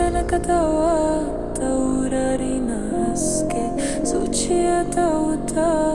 kanakatawa taurari naske suchiya tautaa